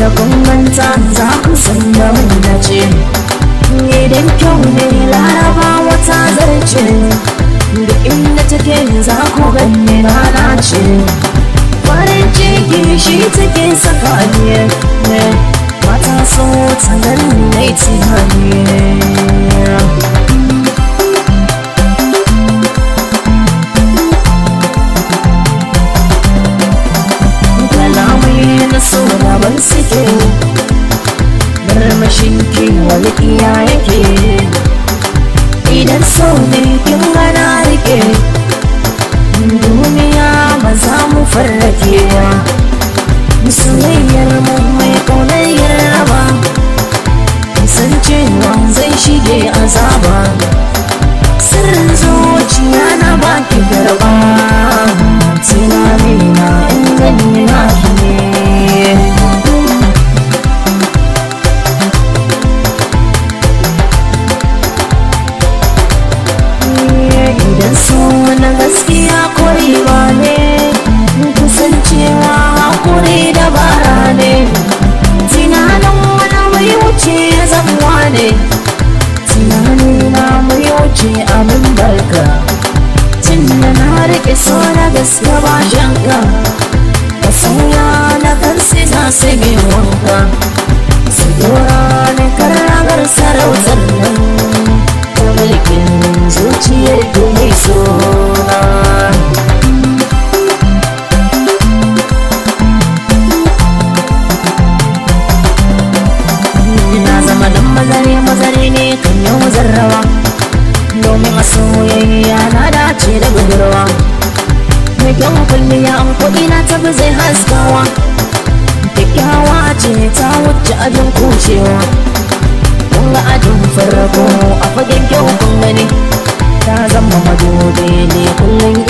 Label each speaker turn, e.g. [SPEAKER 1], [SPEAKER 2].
[SPEAKER 1] da bambanta za ku san da ce. dace idan kyau ne laraba wata zarce da inda take za ku ganye rana ce farin ciki shi take saka ne mata sun wuta nan ne tunani yake murmushin ki walƙiya yake idan sau ne kin gana rike duniya ba za mu farrake ba soyayyar mu mai ƙaunayyar raba san cewa zai shige azaba sirrin zuciya na baki garba tunani mu na gaskiya korewa ne kasancewa hakuri dabara ne tunanin wani mai wuce ya zama ne tunanin na mai wuce abin barka tun da na riƙe so na gaske ba shanka ka sauya na karsi za su yi wanka su mazari mazari ne kan yau mazarrawa domin a ya na dace da budurwa mai kyau kulliya an kuɗi na tabi zai haskawa kyakkyawa ce ta wuce abin kushewa kun ga ajin farko a fagen kyau kun gani ta zama madobe ne kullum